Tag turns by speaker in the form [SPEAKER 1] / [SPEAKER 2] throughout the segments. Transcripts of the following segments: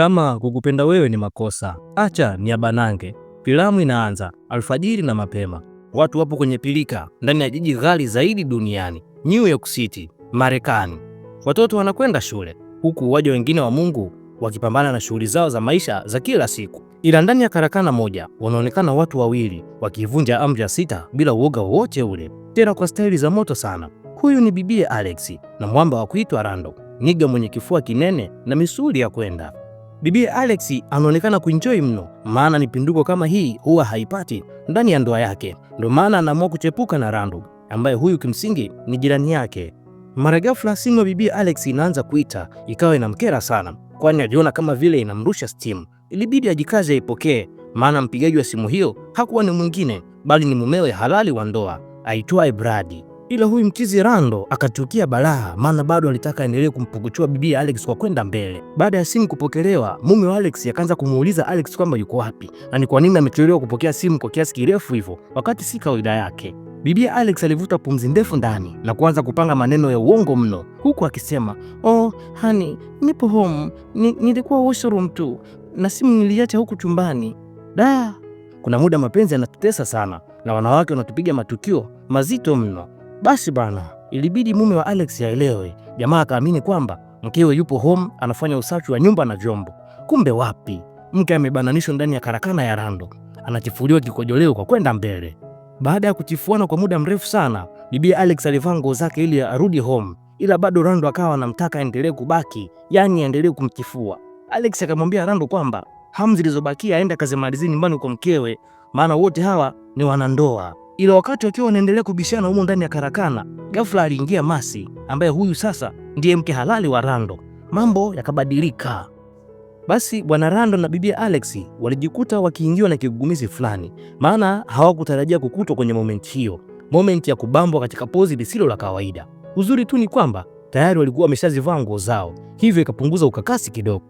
[SPEAKER 1] Kama kukupenda wewe ni makosa, acha ni abanange. Filamu inaanza alfajiri na mapema, watu wapo kwenye pilika ndani ya jiji ghali zaidi duniani, New York City, Marekani. Watoto wanakwenda shule huku waja wengine wa Mungu wakipambana na shughuli zao za maisha za kila siku, ila ndani ya karakana moja wanaonekana watu wawili wakivunja amri ya sita bila uoga wowote ule, tena kwa staili za moto sana. Huyu ni bibie Alex na mwamba wa kuitwa Rando, niga mwenye kifua kinene na misuli ya kwenda Bibi Alex anaonekana kuenjoy mno, maana pinduko kama hii huwa haipati ndani ya ndoa yake. Ndio maana anaamua kuchepuka na Randu ambaye huyu kimsingi ni jirani yake. Mara ghafla simu ya Bibi Alex inaanza kuita, ikawa inamkera sana, kwani ajiona kama vile inamrusha steam. Ilibidi ajikaze aipokee, maana mpigaji wa simu hiyo hakuwa ni mwingine bali ni mumewe halali wa ndoa aitwaye Bradi ila huyu mchizi Rando akatukia balaa, maana bado alitaka aendelee kumpukuchua bibi Alex kwa kwenda mbele. Baada ya simu kupokelewa, mume wa Alex akaanza kumuuliza Alex kwamba yuko wapi na ni kwa nini amechelewa kupokea simu kwa kiasi kirefu hivyo wakati si kawaida yake. Bibi Alex alivuta pumzi ndefu ndani na kuanza kupanga maneno ya uongo mno, huku akisema oh, hani nipo home, nilikuwa washroom tu na simu niliacha huku chumbani. Da, kuna muda mapenzi yanatutesa sana na wanawake wanatupiga matukio mazito mno. Basi bana, ilibidi mume wa Alex aelewe. Jamaa akaamini kwamba mkewe yupo home anafanya usafi wa nyumba na vyombo, kumbe wapi, mke amebananishwa ndani ya karakana ya Rando, anachifuliwa kikojoleo kwa kwenda mbele. Baada ya kuchifuana kwa muda mrefu sana, bibi Alex alivaa nguo zake ili arudi home, ila bado Rando akawa anamtaka aendelee kubaki, yani aendelee kumchifua. Alex akamwambia Rando kwamba hamu zilizobakia aende akazimalizie nyumbani kwa mkewe, maana wote hawa ni wanandoa. Ila wakati wakiwa wanaendelea kubishana humo ndani ya karakana, ghafla aliingia Masi ambaye huyu sasa ndiye mke halali wa Rando. Mambo yakabadilika. Basi bwana Rando na bibia Alex walijikuta wakiingiwa na kigugumizi fulani, maana hawakutarajia kukutwa kwenye momenti hiyo, momenti ya kubambwa katika pozi lisilo la kawaida. Uzuri tu ni kwamba tayari walikuwa wameshazivaa nguo zao, hivyo ikapunguza ukakasi kidogo.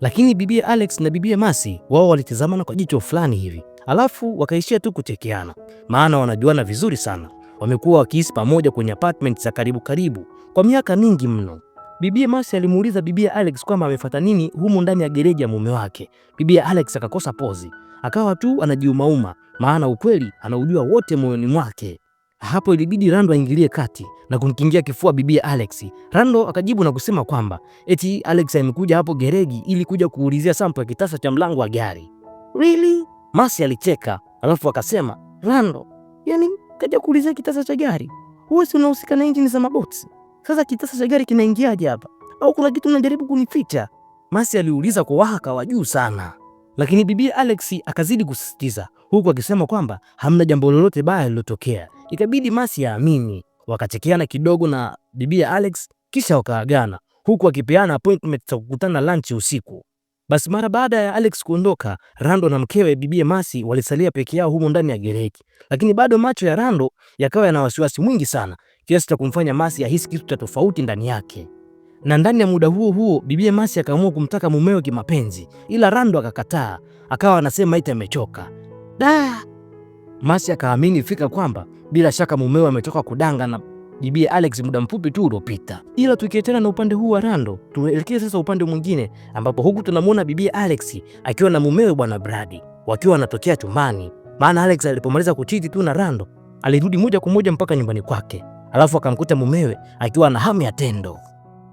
[SPEAKER 1] Lakini bibia Alex na bibia Masi wao walitazamana kwa jicho fulani hivi alafu wakaishia tu kuchekeana, maana wanajuana vizuri sana. Wamekuwa wakiishi pamoja kwenye apartment za karibu karibu kwa miaka mingi mno. Bibie Masi alimuuliza bibie Alex kwamba amefata nini humu ndani ya gereji ya mume wake. Bibie Alex akakosa pozi, akawa tu anajiumauma, maana ukweli anaujua wote moyoni mwake. Hapo ilibidi Rando aingilie kati na kumkingia kifua bibia Alex. Rando akajibu na kusema kwamba eti Alex amekuja hapo gereji ili kuja kuulizia sampo ya kitasa cha mlango wa gari. Really? Masi alicheka alafu akasema, Rando, yani kaja kuulizia kitasa cha gari, wewe si unahusika na injini za maboksi? Sasa kitasa cha gari kinaingiaje hapa? Au kuna kitu unajaribu kunificha? Masi aliuliza kwa wahaka wa juu sana, lakini bibi Alex akazidi kusisitiza huku akisema kwamba hamna jambo lolote baya lilotokea. Ikabidi Masi aamini. Wakachekeana kidogo na bibi Alex kisha wakaagana, huku akipeana appointment za kukutana lunch usiku. Basi mara baada ya Alex kuondoka, Rando na mkewe Bibi masi walisalia peke yao humo ndani ya gereji, lakini bado macho ya Rando yakawa yana wasiwasi mwingi sana kiasi cha kumfanya Masi ahisi kitu cha tofauti ndani yake. Na ndani ya muda huo huo Bibi masi akaamua kumtaka mumewe kimapenzi, ila Rando akakataa, akawa anasema eti amechoka. Da! Masi akaamini fika kwamba bila shaka mumewe ametoka kudanga na jibia Alex muda mfupi tu uliopita. Ila tukietena na upande huu wa Rando, tuelekee sasa upande mwingine ambapo huku tunamwona bibia Alex akiwa na mumewe bwana Bradi wakiwa wanatokea chumbani, maana Alex alipomaliza kuchiti tu na Rando alirudi moja kwa moja mpaka nyumbani kwake, alafu akamkuta mumewe akiwa na hamu ya tendo.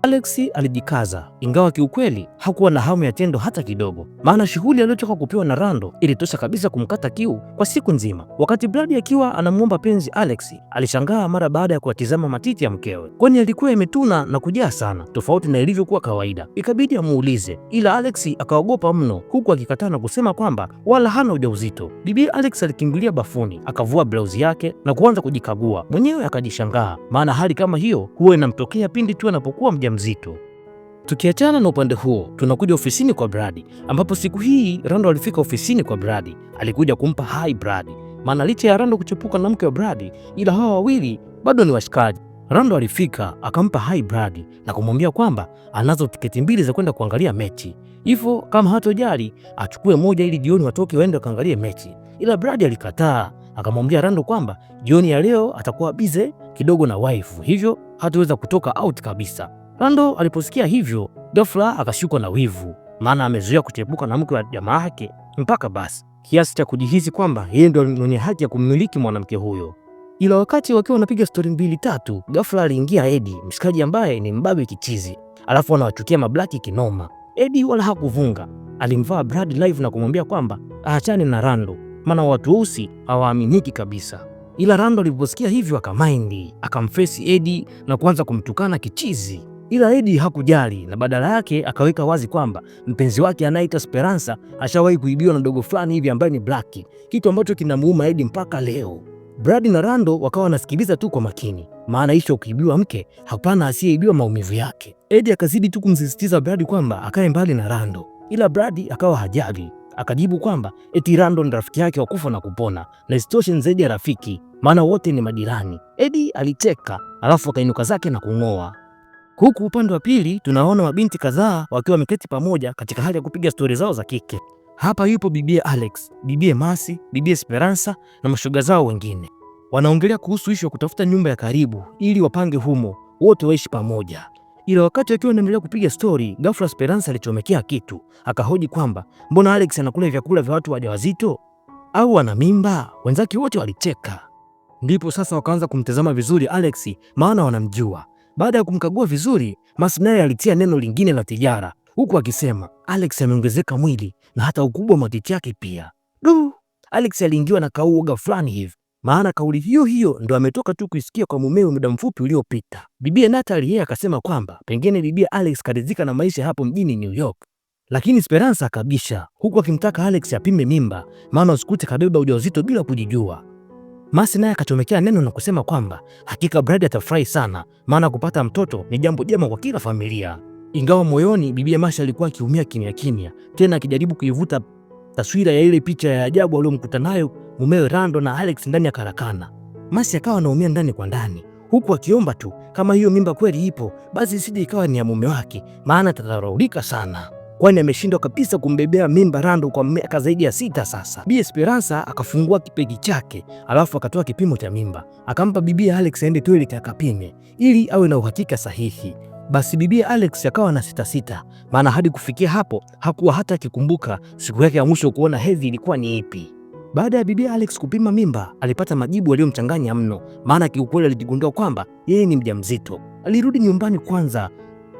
[SPEAKER 1] Alex alijikaza, ingawa kiukweli hakuwa na hamu ya tendo hata kidogo, maana shughuli aliyotoka kupewa na Rando ilitosha kabisa kumkata kiu kwa siku nzima. Wakati Bradi akiwa anamwomba penzi, Alex alishangaa mara baada ya kuwatizama matiti ya mkewe, kwani alikuwa imetuna na kujaa sana, tofauti na ilivyokuwa kawaida. Ikabidi amuulize, ila Alex akaogopa mno, huku akikataa na kusema kwamba wala hana ujauzito. Bibi Alex alikimbilia bafuni, akavua blauzi yake na kuanza kujikagua mwenyewe. Akajishangaa, maana hali kama hiyo huwa inamtokea pindi tu anapokuwa mja mzito. Tukiachana na upande huo, tunakuja ofisini kwa Bradi, ambapo siku hii Rando alifika ofisini kwa Bradi. Alikuja kumpa hai Bradi, maana licha ya Rando kuchepuka na mke wa Bradi, ila hawa wawili bado ni washikaji. Rando alifika akampa hai Bradi na kumwambia kwamba anazo tiketi mbili za kwenda kuangalia mechi, hivyo kama hatojali achukue moja ili jioni watoke waende wakaangalie mechi, ila Bradi alikataa akamwambia Rando kwamba jioni ya leo atakuwa bize kidogo na waifu, hivyo hataweza kutoka out kabisa. Lando aliposikia hivyo, ghafla akashikwa na wivu, maana amezoea kutepuka na mke wa jamaa yake mpaka basi kiasi cha kujihisi kwamba yeye ndo mwenye haki ya kummiliki mwanamke huyo. Ila wakati wakiwa wanapiga stori mbili tatu, ghafla aliingia Edi, mshikaji ambaye ni mbabe kichizi, alafu anawachukia mablaki kinoma. Edi wala hakuvunga, alimvaa Brad live na kumwambia kwamba aachane na Rando, maana watu weusi hawaaminiki kabisa. Ila Rando aliposikia hivyo akamaindi, akamfesi Edi na kuanza kumtukana kichizi ila Edi hakujali na badala yake akaweka wazi kwamba mpenzi wake anayeitwa Speransa ashawahi kuibiwa na dogo fulani hivi ambaye ni Blaki, kitu ambacho kinamuuma Edi mpaka leo. Brad na Rando wakawa wanasikiliza tu kwa makini, maana hicho kuibiwa mke, hapana asiyeibiwa maumivu yake. Edi akazidi tu kumsisitiza Brad kwamba akae mbali na Rando, ila Brad akawa hajali, akajibu kwamba eti Rando ni rafiki yake wa kufa na kupona, na isitoshe zaidi ya rafiki, maana wote ni majirani. Edi alicheka alafu akainuka zake na kung'oa. Huku upande wa pili tunaona mabinti kadhaa wakiwa wameketi pamoja katika hali ya kupiga stori zao za kike. Hapa yupo bibie Alex, bibie Masi, bibie Esperanza na mashoga zao wengine. Wanaongelea kuhusu ishu ya kutafuta nyumba ya karibu ili wapange humo wote waishi pamoja. Ila wakati akiwa anaendelea kupiga stori, ghafla Esperanza alichomekea kitu, akahoji kwamba mbona Alex anakula vyakula vya watu wajawazito au ana mimba? Wenzake wote walicheka, ndipo sasa wakaanza kumtazama vizuri Alex, maana wanamjua baada ya kumkagua vizuri, Mas alitia neno lingine la tijara, huku akisema Alex ameongezeka mwili na hata ukubwa matiti yake pia. Du, Alex aliingiwa na kauoga fulani hivi, maana kauli hiyo hiyo ndo ametoka tu kuisikia kwa mumewe muda mfupi uliopita. Bibia Natalie yeye akasema kwamba pengine bibia Alex karizika na maisha hapo mjini New York, lakini speransa akabisha, huku akimtaka Alex apime mimba, maana usikute kabeba ujauzito bila kujijua. Masi naye akachomekea neno na kusema kwamba hakika Bradi atafurahi sana, maana kupata mtoto ni jambo jema kwa kila familia. Ingawa moyoni bibi Masi alikuwa akiumia kimya kimya, tena akijaribu kuivuta taswira ya ile picha ya ajabu aliyomkuta nayo mumewe Rando na Alex ndani ya karakana. Masi akawa anaumia ndani kwa ndani, huku akiomba tu kama hiyo mimba kweli ipo, basi isije ikawa ni ya mume wake, maana atadharaulika sana kwani ameshindwa kabisa kumbebea mimba Rando kwa miaka zaidi ya sita sasa. Bi Esperanza akafungua kipegi chake, alafu akatoa kipimo cha mimba, akampa bibia Alex aende toilet akapime ili awe na uhakika sahihi. Basi bibia Alex akawa na sita sita, maana hadi kufikia hapo hakuwa hata akikumbuka siku yake ya mwisho kuona hedhi ilikuwa ni ipi. Baada ya bibia Alex kupima mimba, alipata majibu aliyomchanganya mno, maana kiukweli alijigundua kwamba yeye ni mjamzito. Alirudi nyumbani kwanza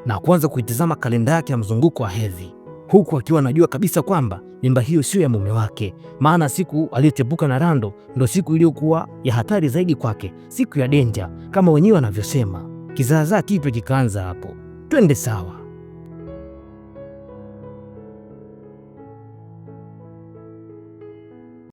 [SPEAKER 1] na kuanza kuitazama kalenda yake ya mzunguko wa hedhi, huku akiwa anajua kabisa kwamba mimba hiyo sio ya mume wake, maana siku aliyochepuka na Rando ndo siku iliyokuwa ya hatari zaidi kwake, siku ya denja kama wenyewe wanavyosema. Kizaazaa kipya kikaanza hapo. Twende sawa.